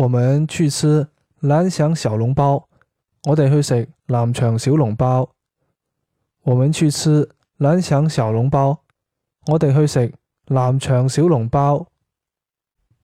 我們去吃南翔小籠包，我哋去食南翔小籠包。我們去吃南翔小籠包，我哋去食南翔小籠包。